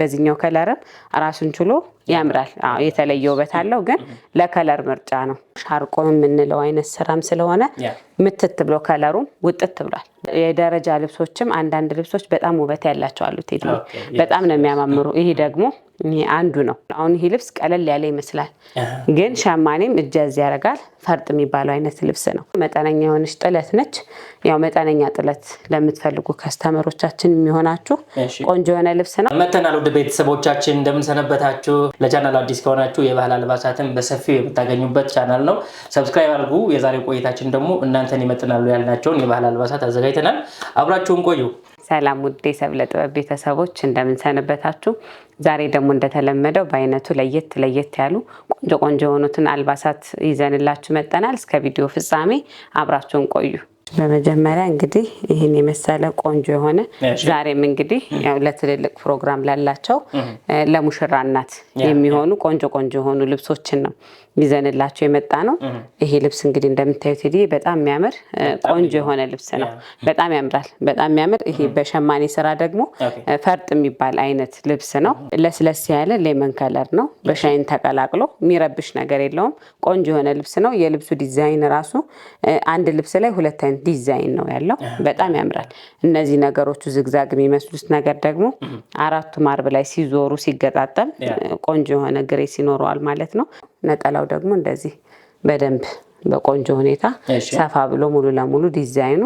በዚህኛው ከለርም ራሱን ችሎ ያምራል። የተለየ ውበት አለው፣ ግን ለከለር ምርጫ ነው። ሻርቆ የምንለው አይነት ስራም ስለሆነ ምትት ብሎ ከለሩም ውጥት ብሏል። የደረጃ ልብሶችም አንዳንድ ልብሶች በጣም ውበት ያላቸው አሉ። ቴዲ በጣም ነው የሚያማምሩ። ይሄ ደግሞ አንዱ ነው። አሁን ይሄ ልብስ ቀለል ያለ ይመስላል፣ ግን ሸማኔም እጀዝ ያደርጋል። ፈርጥ የሚባለው አይነት ልብስ ነው። መጠነኛ የሆነች ጥለት ነች። ያው መጠነኛ ጥለት ለምትፈልጉ ከስተመሮቻችን የሚሆናችሁ ቆንጆ የሆነ ልብስ ነው። መተናል። ውድ ቤተሰቦቻችን እንደምንሰነበታችሁ። ለቻናል አዲስ ከሆናችሁ የባህል አልባሳትን በሰፊው የምታገኙበት ቻናል ነው። ሰብስክራይብ አድርጉ። የዛሬው ቆይታችን ደግሞ እናንተን ይመጥናሉ ያልናቸውን የባህል አልባሳት አዘጋጅ ተገናኝተናል። አብራችሁን ቆዩ። ሰላም ውዴ ሰብለ ጥበብ ቤተሰቦች እንደምንሰንበታችሁ። ዛሬ ደግሞ እንደተለመደው በአይነቱ ለየት ለየት ያሉ ቆንጆ ቆንጆ የሆኑትን አልባሳት ይዘንላችሁ መጠናል። እስከ ቪዲዮ ፍጻሜ አብራችሁን ቆዩ። በመጀመሪያ እንግዲህ ይህን የመሰለ ቆንጆ የሆነ ዛሬም እንግዲህ ያው ለትልልቅ ፕሮግራም ላላቸው ለሙሽራ እናት የሚሆኑ ቆንጆ ቆንጆ የሆኑ ልብሶችን ነው ይዘንላቸው የመጣ ነው። ይሄ ልብስ እንግዲህ እንደምታዩት ዲ በጣም የሚያምር ቆንጆ የሆነ ልብስ ነው። በጣም ያምራል። በጣም የሚያምር ይሄ በሸማኔ ስራ ደግሞ ፈርጥ የሚባል አይነት ልብስ ነው። ለስለስ ያለ ሌመን ከለር ነው። በሻይን ተቀላቅሎ የሚረብሽ ነገር የለውም። ቆንጆ የሆነ ልብስ ነው። የልብሱ ዲዛይን ራሱ አንድ ልብስ ላይ ሁለት የሚመስል ዲዛይን ነው ያለው። በጣም ያምራል። እነዚህ ነገሮቹ ዝግዛግ የሚመስሉት ነገር ደግሞ አራቱ ማርብ ላይ ሲዞሩ ሲገጣጠም ቆንጆ የሆነ ግሬስ ይኖረዋል ማለት ነው። ነጠላው ደግሞ እንደዚህ በደንብ በቆንጆ ሁኔታ ሰፋ ብሎ ሙሉ ለሙሉ ዲዛይኑ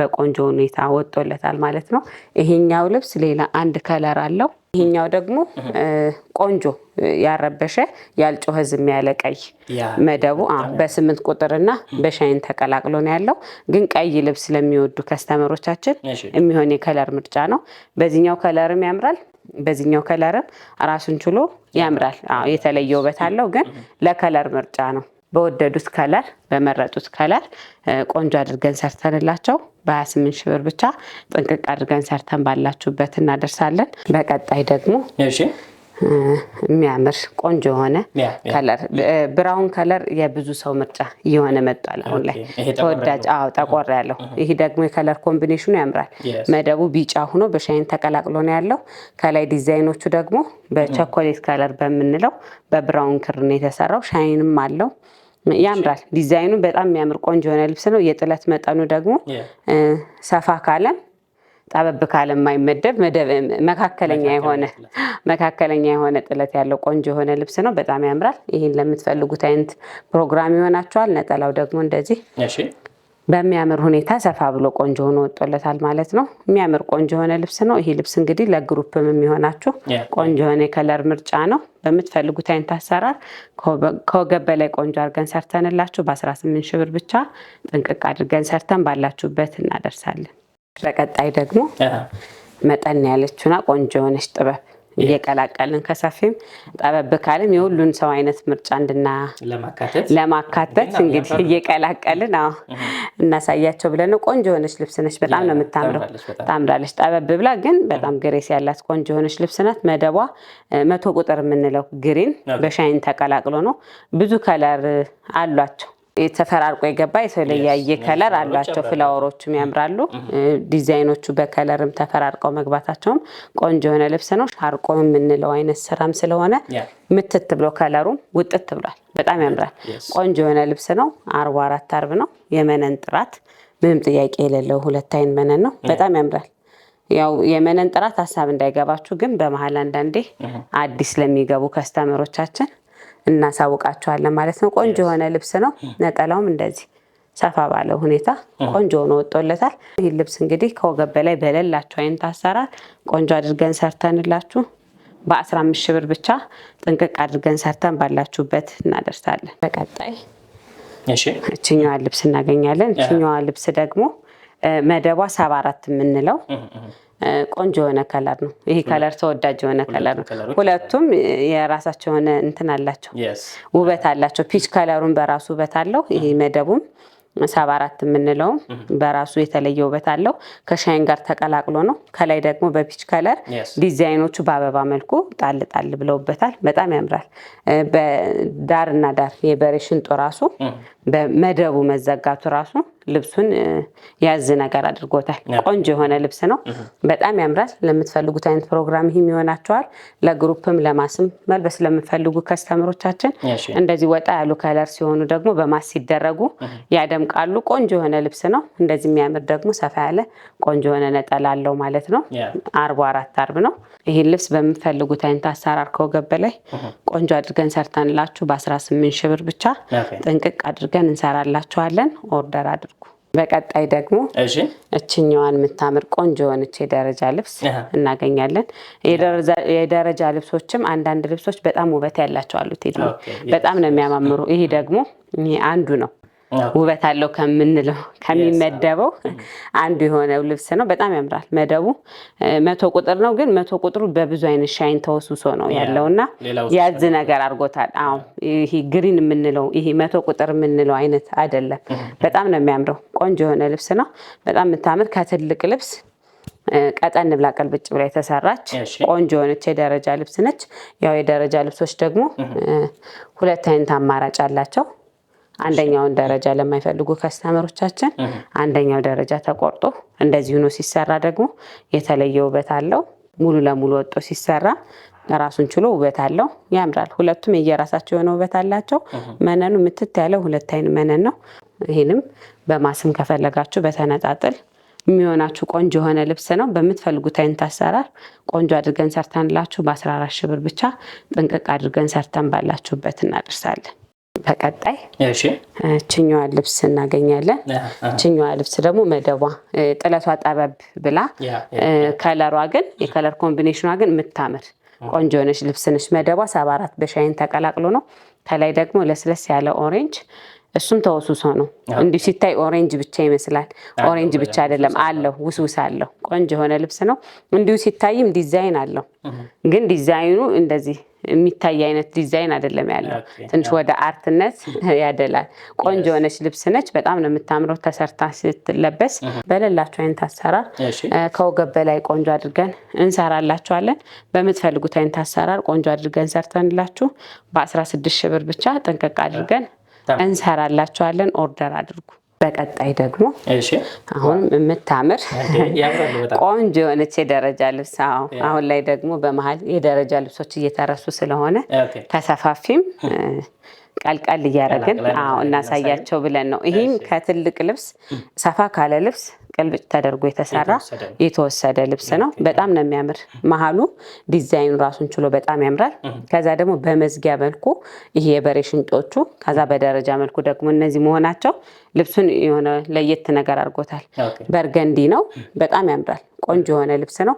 በቆንጆ ሁኔታ ወጥቶለታል ማለት ነው። ይሄኛው ልብስ ሌላ አንድ ከለር አለው። ይሄኛው ደግሞ ቆንጆ ያረበሸ ያልጮኸ ዝም ያለ ቀይ መደቡ በስምንት ቁጥርና በሻይን ተቀላቅሎ ነው ያለው። ግን ቀይ ልብስ ለሚወዱ ከስተመሮቻችን የሚሆን የከለር ምርጫ ነው። በዚህኛው ከለርም ያምራል፣ በዚህኛው ከለርም ራሱን ችሎ ያምራል። የተለየ ውበት አለው፣ ግን ለከለር ምርጫ ነው። በወደዱት ከለር በመረጡት ከለር ቆንጆ አድርገን ሰርተንላቸው በ28 ሺህ ብር ብቻ ጥንቅቅ አድርገን ሰርተን ባላችሁበት እናደርሳለን። በቀጣይ ደግሞ የሚያምር ቆንጆ የሆነ ከለር ብራውን ከለር የብዙ ሰው ምርጫ እየሆነ መጧል። አሁን ላይ ተወዳጅ። አዎ ጠቆር ያለው ይህ ደግሞ የከለር ኮምቢኔሽኑ ያምራል። መደቡ ቢጫ ሆኖ በሻይን ተቀላቅሎ ነው ያለው። ከላይ ዲዛይኖቹ ደግሞ በቸኮሌት ከለር በምንለው በብራውን ክር ነው የተሰራው። ሻይንም አለው ያምራል። ዲዛይኑ በጣም የሚያምር ቆንጆ የሆነ ልብስ ነው። የጥለት መጠኑ ደግሞ ሰፋ ካለም ጠበብ ካለም የማይመደብ መካከለኛ የሆነ መካከለኛ የሆነ ጥለት ያለው ቆንጆ የሆነ ልብስ ነው። በጣም ያምራል። ይህን ለምትፈልጉት አይነት ፕሮግራም ይሆናችኋል። ነጠላው ደግሞ እንደዚህ በሚያምር ሁኔታ ሰፋ ብሎ ቆንጆ ሆኖ ወጦለታል ማለት ነው። የሚያምር ቆንጆ የሆነ ልብስ ነው። ይሄ ልብስ እንግዲህ ለግሩፕም የሚሆናችሁ ቆንጆ የሆነ የከለር ምርጫ ነው። በምትፈልጉት አይነት አሰራር ከወገብ በላይ ቆንጆ አድርገን ሰርተንላችሁ በ18 ሺህ ብር ብቻ ጥንቅቅ አድርገን ሰርተን ባላችሁበት እናደርሳለን። በቀጣይ ደግሞ መጠን ያለችና ቆንጆ የሆነች ጥበብ እየቀላቀልን ከሰፊም ጠበብ ካለም የሁሉን ሰው አይነት ምርጫ እንድና ለማካተት እንግዲህ እየቀላቀልን እናሳያቸው ብለን ነው። ቆንጆ የሆነች ልብስ ነች። በጣም ነው የምታምረው። ታምራለች። ጠበብ ብላ ግን በጣም ግሬስ ያላት ቆንጆ የሆነች ልብስ ናት። መደቧ መቶ ቁጥር የምንለው ግሪን በሻይን ተቀላቅሎ ነው። ብዙ ከለር አሏቸው ተፈራርቆ የገባ የተለያየ ከለር አሏቸው። ፍላወሮቹም ያምራሉ። ዲዛይኖቹ በከለርም ተፈራርቀው መግባታቸውም ቆንጆ የሆነ ልብስ ነው። ሻርቆ የምንለው አይነት ስራም ስለሆነ ምትት ብሎ ከለሩም ውጥት ብሏል። በጣም ያምራል። ቆንጆ የሆነ ልብስ ነው። አርቦ አራት አርብ ነው። የመነን ጥራት ምንም ጥያቄ የሌለው ሁለት አይን መነን ነው። በጣም ያምራል። ያው የመነን ጥራት ሀሳብ እንዳይገባችሁ፣ ግን በመሀል አንዳንዴ አዲስ ለሚገቡ ከስተመሮቻችን እናሳውቃቸዋለን ማለት ነው። ቆንጆ የሆነ ልብስ ነው። ነጠላውም እንደዚህ ሰፋ ባለው ሁኔታ ቆንጆ ሆኖ ወጦለታል። ይህ ልብስ እንግዲህ ከወገብ በላይ በሌላቸው አይነት አሰራር ቆንጆ አድርገን ሰርተንላችሁ በ15 ሺህ ብር ብቻ ጥንቅቅ አድርገን ሰርተን ባላችሁበት እናደርሳለን። በቀጣይ እችኛዋ ልብስ እናገኛለን። እችኛዋ ልብስ ደግሞ መደቧ ሰባ አራት የምንለው ቆንጆ የሆነ ከለር ነው። ይሄ ከለር ተወዳጅ የሆነ ከለር ነው። ሁለቱም የራሳቸው የሆነ እንትን አላቸው፣ ውበት አላቸው። ፒች ከለሩን በራሱ ውበት አለው። ይሄ መደቡም ሰባ አራት የምንለውም በራሱ የተለየ ውበት አለው። ከሻይን ጋር ተቀላቅሎ ነው። ከላይ ደግሞ በፒች ከለር ዲዛይኖቹ በአበባ መልኩ ጣል ጣል ብለውበታል። በጣም ያምራል። በዳርና ዳር የበሬ ሽንጦ ራሱ በመደቡ መዘጋቱ ራሱ ልብሱን ያዝ ነገር አድርጎታል። ቆንጆ የሆነ ልብስ ነው። በጣም ያምራል። ለምትፈልጉት አይነት ፕሮግራም ይህም ይሆናቸዋል። ለግሩፕም ለማስም መልበስ ለምትፈልጉ ከስተምሮቻችን እንደዚህ ወጣ ያሉ ከለር ሲሆኑ ደግሞ በማስ ሲደረጉ ያደምቃሉ። ቆንጆ የሆነ ልብስ ነው። እንደዚህ የሚያምር ደግሞ ሰፋ ያለ ቆንጆ የሆነ ነጠላ አለው ማለት ነው። አርቡ አራት አርብ ነው። ይህን ልብስ በምትፈልጉት አይነት አሰራር ከወገብ በላይ ቆንጆ አድርገን ሰርተንላችሁ በ18 ሺህ ብር ብቻ ጥንቅቅ አድርገን እንሰራላችኋለን። ኦርደር አድርጉ። በቀጣይ ደግሞ እችኛዋን የምታምር ቆንጆ የሆነች የደረጃ ልብስ እናገኛለን። የደረጃ ልብሶችም አንዳንድ ልብሶች በጣም ውበት ያላቸው አሉት። በጣም ነው የሚያማምሩ። ይሄ ደግሞ አንዱ ነው። ውበት አለው ከምንለው ከሚመደበው አንዱ የሆነው ልብስ ነው። በጣም ያምራል። መደቡ መቶ ቁጥር ነው፣ ግን መቶ ቁጥሩ በብዙ አይነት ሻይን ተወስውሶ ነው ያለውና ያዝ ነገር አድርጎታል። አዎ ይሄ ግሪን የምንለው ይሄ መቶ ቁጥር የምንለው አይነት አይደለም። በጣም ነው የሚያምረው። ቆንጆ የሆነ ልብስ ነው። በጣም የምታምር ከትልቅ ልብስ ቀጠን ብላ ቀልብጭ ብላ የተሰራች ቆንጆ የሆነች የደረጃ ልብስ ነች። ያው የደረጃ ልብሶች ደግሞ ሁለት አይነት አማራጭ አላቸው። አንደኛውን ደረጃ ለማይፈልጉ ከስተመሮቻችን አንደኛው ደረጃ ተቆርጦ እንደዚህ ሆኖ ሲሰራ ደግሞ የተለየ ውበት አለው። ሙሉ ለሙሉ ወጦ ሲሰራ ራሱን ችሎ ውበት አለው፣ ያምራል። ሁለቱም የየራሳቸው የሆነ ውበት አላቸው። መነኑ ምትት ያለው ሁለት አይን መነን ነው። ይህንም በማስም ከፈለጋችሁ በተነጣጥል የሚሆናችሁ ቆንጆ የሆነ ልብስ ነው። በምትፈልጉት አይነት አሰራር ቆንጆ አድርገን ሰርተንላችሁ በ14 ሺህ ብር ብቻ ጥንቅቅ አድርገን ሰርተን ባላችሁበት እናደርሳለን። በቀጣይ ችኛዋ ልብስ እናገኛለን። ችኛዋ ልብስ ደግሞ መደቧ ጥለቷ ጠበብ ብላ ከለሯ ግን የከለር ኮምቢኔሽኗ ግን የምታምር ቆንጆ ነች። ልብስ ነች። መደቧ ሰባ አራት በሻይን ተቀላቅሎ ነው። ከላይ ደግሞ ለስለስ ያለ ኦሬንጅ እሱም ተወሱሶ ነው። እንዲሁ ሲታይ ኦሬንጅ ብቻ ይመስላል። ኦሬንጅ ብቻ አይደለም፣ አለው ውስውስ አለው። ቆንጆ የሆነ ልብስ ነው። እንዲሁ ሲታይም ዲዛይን አለው፣ ግን ዲዛይኑ እንደዚህ የሚታይ አይነት ዲዛይን አይደለም ያለው። ትንሽ ወደ አርትነት ያደላል። ቆንጆ የሆነች ልብስ ነች። በጣም ነው የምታምረው ተሰርታ ስትለበስ። በሌላችሁ አይነት አሰራር ከወገብ በላይ ቆንጆ አድርገን እንሰራላችኋለን። በምትፈልጉት አይነት አሰራር ቆንጆ አድርገን ሰርተንላችሁ በ16 ሺህ ብር ብቻ ጥንቅቅ አድርገን እንሰራላችኋለን። ኦርደር አድርጉ። በቀጣይ ደግሞ አሁንም የምታምር ቆንጆ የሆነች የደረጃ ልብስ አሁን ላይ ደግሞ በመሀል የደረጃ ልብሶች እየተረሱ ስለሆነ ተሰፋፊም ቀልቀል እያደረግን እናሳያቸው ብለን ነው። ይህም ከትልቅ ልብስ ሰፋ ካለ ልብስ ቅልብጭ ተደርጎ የተሰራ የተወሰደ ልብስ ነው። በጣም ነው የሚያምር። መሀሉ ዲዛይኑ ራሱን ችሎ በጣም ያምራል። ከዛ ደግሞ በመዝጊያ መልኩ ይሄ የበሬ ሽንጦቹ፣ ከዛ በደረጃ መልኩ ደግሞ እነዚህ መሆናቸው ልብሱን የሆነ ለየት ነገር አድርጎታል። በርገንዲ ነው፣ በጣም ያምራል። ቆንጆ የሆነ ልብስ ነው።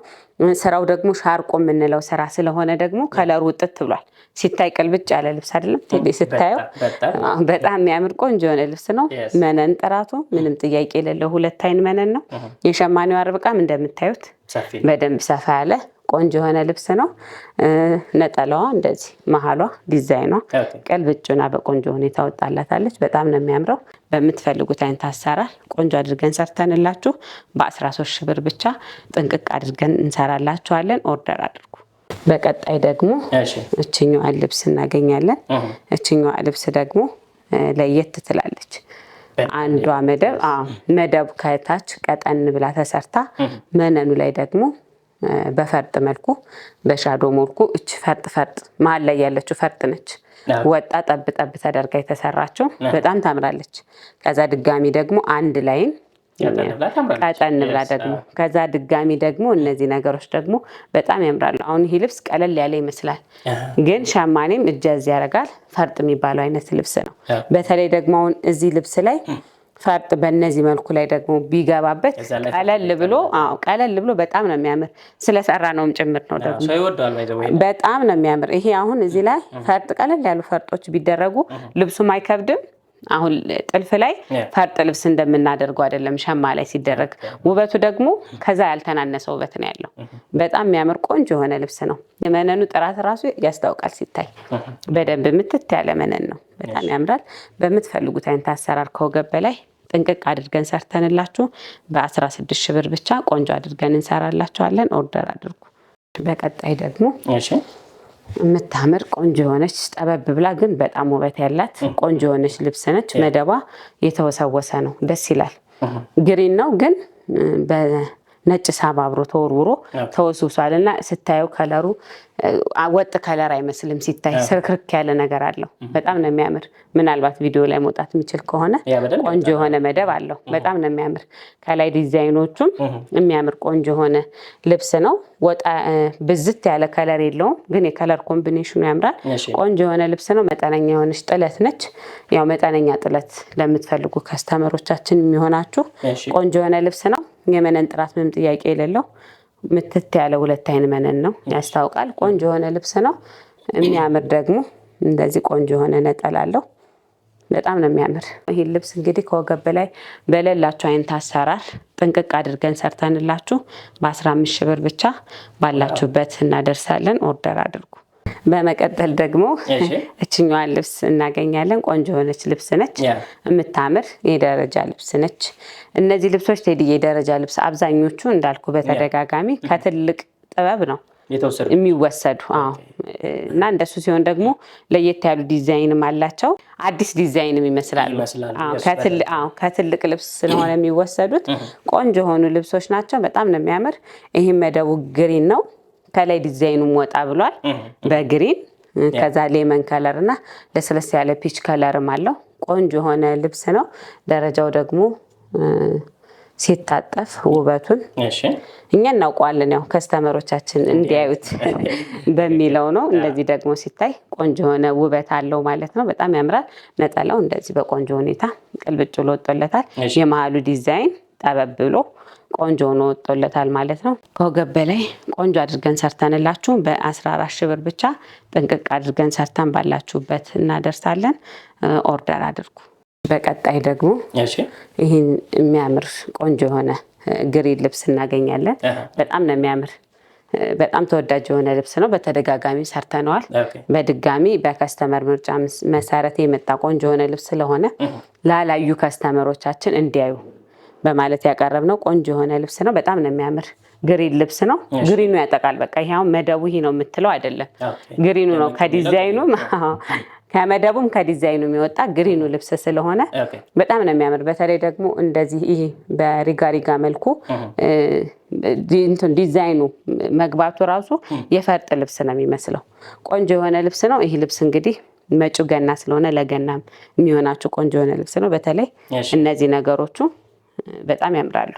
ስራው ደግሞ ሻርቆ የምንለው ስራ ስለሆነ ደግሞ ከለሩ ውጥት ብሏል። ሲታይ ቅልብጭ ያለ ልብስ አይደለም። ስታየው በጣም የሚያምር ቆንጆ የሆነ ልብስ ነው። መነን ጥራቱ ምንም ጥያቄ የሌለው ሁለት አይን መነን ነው። የሸማኔው አርብ እንደምታዩት በደንብ ሰፋ ያለ ቆንጆ የሆነ ልብስ ነው። ነጠላዋ እንደዚህ መሀሏ ዲዛይኗ ቀልብጩና በቆንጆ ሁኔታ ወጣላታለች። በጣም ነው የሚያምረው። በምትፈልጉት አይነት አሰራር ቆንጆ አድርገን ሰርተንላችሁ በ13 ሺህ ብር ብቻ ጥንቅቅ አድርገን እንሰራላችኋለን። ኦርደር አድርጉ። በቀጣይ ደግሞ እችኛዋ ልብስ እናገኛለን። እችኛዋ ልብስ ደግሞ ለየት ትላለች። አንዷ መደብ መደቡ ከታች ቀጠን ብላ ተሰርታ መነኑ ላይ ደግሞ በፈርጥ መልኩ በሻዶ መልኩ እች ፈርጥ ፈርጥ መሀል ላይ ያለችው ፈርጥ ነች። ወጣ ጠብ ጠብ ተደርጋ የተሰራችው በጣም ታምራለች። ከዛ ድጋሚ ደግሞ አንድ ላይን ቀጠን ብላ ደግሞ ከዛ ድጋሚ ደግሞ እነዚህ ነገሮች ደግሞ በጣም ያምራሉ። አሁን ይህ ልብስ ቀለል ያለ ይመስላል፣ ግን ሸማኔም እጀዝ ያደርጋል። ፈርጥ የሚባለው አይነት ልብስ ነው። በተለይ ደግሞ አሁን እዚህ ልብስ ላይ ፈርጥ በእነዚህ መልኩ ላይ ደግሞ ቢገባበት ቀለል ብሎ ቀለል ብሎ በጣም ነው የሚያምር። ስለሰራ ነውም ጭምር ነው ደግሞ በጣም ነው የሚያምር። ይሄ አሁን እዚህ ላይ ፈርጥ ቀለል ያሉ ፈርጦች ቢደረጉ ልብሱም አይከብድም። አሁን ጥልፍ ላይ ፈርጥ ልብስ እንደምናደርገው አይደለም ሸማ ላይ ሲደረግ። ውበቱ ደግሞ ከዛ ያልተናነሰ ውበት ነው ያለው። በጣም የሚያምር ቆንጆ የሆነ ልብስ ነው። የመነኑ ጥራት ራሱ ያስታውቃል ሲታይ። በደንብ ምትት ያለ መነን ነው። በጣም ያምራል። በምትፈልጉት አይነት አሰራር ከወገብ በላይ ጥንቅቅ አድርገን ሰርተንላችሁ በ16 ሺህ ብር ብቻ ቆንጆ አድርገን እንሰራላችኋለን። ኦርደር አድርጉ። በቀጣይ ደግሞ የምታምር ቆንጆ የሆነች ጠበብ ብላ ግን በጣም ውበት ያላት ቆንጆ የሆነች ልብስ ነች። መደቧ የተወሰወሰ ነው፣ ደስ ይላል። ግሪን ነው ግን ነጭ ሳብ አብሮ ተወርውሮ ተወስውሷል እና ስታየው ከለሩ ወጥ ከለር አይመስልም። ሲታይ ስርክርክ ያለ ነገር አለው። በጣም ነው የሚያምር። ምናልባት ቪዲዮ ላይ መውጣት የሚችል ከሆነ ቆንጆ የሆነ መደብ አለው። በጣም ነው የሚያምር። ከላይ ዲዛይኖቹም የሚያምር ቆንጆ የሆነ ልብስ ነው። ወጣ ብዝት ያለ ከለር የለውም፣ ግን የከለር ኮምቢኔሽኑ ያምራል። ቆንጆ የሆነ ልብስ ነው። መጠነኛ የሆነች ጥለት ነች። ያው መጠነኛ ጥለት ለምትፈልጉ ከስተመሮቻችን የሚሆናችሁ ቆንጆ የሆነ ልብስ ነው። የመነን ጥራት ምንም ጥያቄ የሌለው ምትት ያለ ሁለት አይን መነን ነው ያስታውቃል። ቆንጆ የሆነ ልብስ ነው የሚያምር ደግሞ እንደዚህ ቆንጆ የሆነ ነጠላ አለው። በጣም ነው የሚያምር። ይህ ልብስ እንግዲህ ከወገብ በላይ በሌላችሁ አይነት አሰራር ጥንቅቅ አድርገን ሰርተንላችሁ በ15 ሺህ ብር ብቻ ባላችሁበት እናደርሳለን። ኦርደር አድርጉ። በመቀጠል ደግሞ እችኛዋን ልብስ እናገኛለን። ቆንጆ የሆነች ልብስ ነች፣ የምታምር የደረጃ ልብስ ነች። እነዚህ ልብሶች ቴዲ የደረጃ ልብስ አብዛኞቹ እንዳልኩ በተደጋጋሚ ከትልቅ ጥበብ ነው የሚወሰዱ እና እንደሱ ሲሆን ደግሞ ለየት ያሉ ዲዛይንም አላቸው። አዲስ ዲዛይንም ይመስላሉ። ከትልቅ ልብስ ስለሆነ የሚወሰዱት ቆንጆ የሆኑ ልብሶች ናቸው። በጣም ነው የሚያምር። ይህም መደቡ ግሪን ነው። ከላይ ዲዛይኑም ወጣ ብሏል በግሪን ከዛ ሌመን ከለር እና ለስለስ ያለ ፒች ከለርም አለው። ቆንጆ የሆነ ልብስ ነው። ደረጃው ደግሞ ሲታጠፍ ውበቱን እኛ እናውቀዋለን። ያው ከስተመሮቻችን እንዲያዩት በሚለው ነው። እንደዚህ ደግሞ ሲታይ ቆንጆ የሆነ ውበት አለው ማለት ነው። በጣም ያምራል። ነጠላው እንደዚህ በቆንጆ ሁኔታ ቅልብጭ ብሎ ወጥቶለታል። የመሀሉ ዲዛይን ጠበብ ብሎ ቆንጆ ሆኖ ወጥቶለታል ማለት ነው። ከወገብ በላይ ቆንጆ አድርገን ሰርተንላችሁ በ14 ሺህ ብር ብቻ ጥንቅቅ አድርገን ሰርተን ባላችሁበት እናደርሳለን። ኦርደር አድርጉ። በቀጣይ ደግሞ ይህን የሚያምር ቆንጆ የሆነ ግሪን ልብስ እናገኛለን። በጣም ነው የሚያምር በጣም ተወዳጅ የሆነ ልብስ ነው። በተደጋጋሚ ሰርተነዋል። በድጋሚ በከስተመር ምርጫ መሰረት የመጣ ቆንጆ የሆነ ልብስ ስለሆነ ላላዩ ከስተመሮቻችን እንዲያዩ በማለት ያቀረብ ነው ቆንጆ የሆነ ልብስ ነው። በጣም ነው የሚያምር ግሪን ልብስ ነው። ግሪኑ ያጠቃል። በቃ ይሄ መደቡ ይሄ ነው የምትለው አይደለም፣ ግሪኑ ነው ከዲዛይኑም ከመደቡም ከዲዛይኑ የሚወጣ ግሪኑ ልብስ ስለሆነ በጣም ነው የሚያምር። በተለይ ደግሞ እንደዚህ ይሄ በሪጋሪጋ መልኩ ዲዛይኑ መግባቱ ራሱ የፈርጥ ልብስ ነው የሚመስለው። ቆንጆ የሆነ ልብስ ነው። ይህ ልብስ እንግዲህ መጪው ገና ስለሆነ ለገናም የሚሆናችሁ ቆንጆ የሆነ ልብስ ነው። በተለይ እነዚህ ነገሮቹ በጣም ያምራሉ።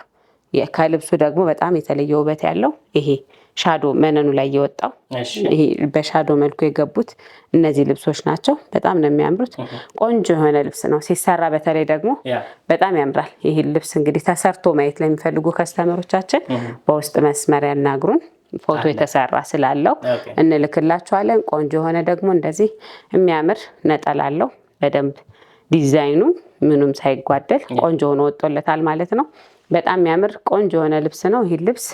ከልብሱ ደግሞ በጣም የተለየ ውበት ያለው ይሄ ሻዶ መነኑ ላይ የወጣው በሻዶ መልኩ የገቡት እነዚህ ልብሶች ናቸው። በጣም ነው የሚያምሩት። ቆንጆ የሆነ ልብስ ነው ሲሰራ፣ በተለይ ደግሞ በጣም ያምራል። ይህ ልብስ እንግዲህ ተሰርቶ ማየት ለሚፈልጉ ከስተመሮቻችን በውስጥ መስመር ያናግሩን። ፎቶ የተሰራ ስላለው እንልክላችኋለን። ቆንጆ የሆነ ደግሞ እንደዚህ የሚያምር ነጠላለው በደንብ ዲዛይኑ ምንም ሳይጓደል ቆንጆ ሆኖ ወጥቶለታል ማለት ነው። በጣም የሚያምር ቆንጆ የሆነ ልብስ ነው። ይህ ልብስ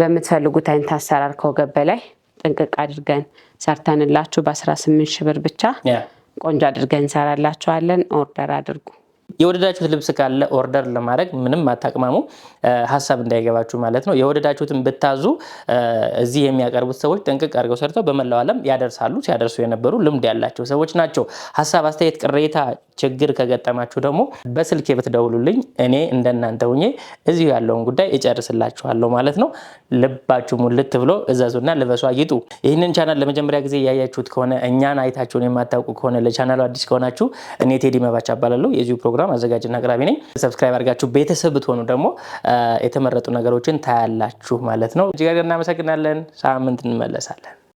በምትፈልጉት አይነት አሰራር ከወገብ በላይ ጥንቅቅ አድርገን ሰርተንላችሁ በ18 ሺህ ብር ብቻ ቆንጆ አድርገን እንሰራላችኋለን። ኦርደር አድርጉ። የወደዳችሁት ልብስ ካለ ኦርደር ለማድረግ ምንም አታቅማሙ፣ ሀሳብ እንዳይገባችሁ ማለት ነው። የወደዳችሁትን ብታዙ እዚህ የሚያቀርቡት ሰዎች ጥንቅቅ አድርገው ሰርተው በመላው ዓለም ያደርሳሉ። ሲያደርሱ የነበሩ ልምድ ያላቸው ሰዎች ናቸው። ሀሳብ፣ አስተያየት፣ ቅሬታ ችግር ከገጠማችሁ ደግሞ በስልኬ ብትደውሉልኝ እኔ እንደናንተ ሁኜ እዚሁ ያለውን ጉዳይ እጨርስላችኋለሁ ማለት ነው። ልባችሁ ሙልት ብሎ እዘዙና ልበሱ አጊጡ ይህንን ቻናል ለመጀመሪያ ጊዜ እያያችሁት ከሆነ እኛን አይታችሁን የማታውቁ ከሆነ ለቻናሉ አዲስ ከሆናችሁ እኔ ቴዲ መባቻ እባላለሁ። የዚሁ ፕሮግራም አዘጋጅና አቅራቢ ነኝ። ሰብስክራይብ አድርጋችሁ ቤተሰብ ብትሆኑ ደግሞ የተመረጡ ነገሮችን ታያላችሁ ማለት ነው። እጅጋር እናመሰግናለን። ሳምንት እንመለሳለን።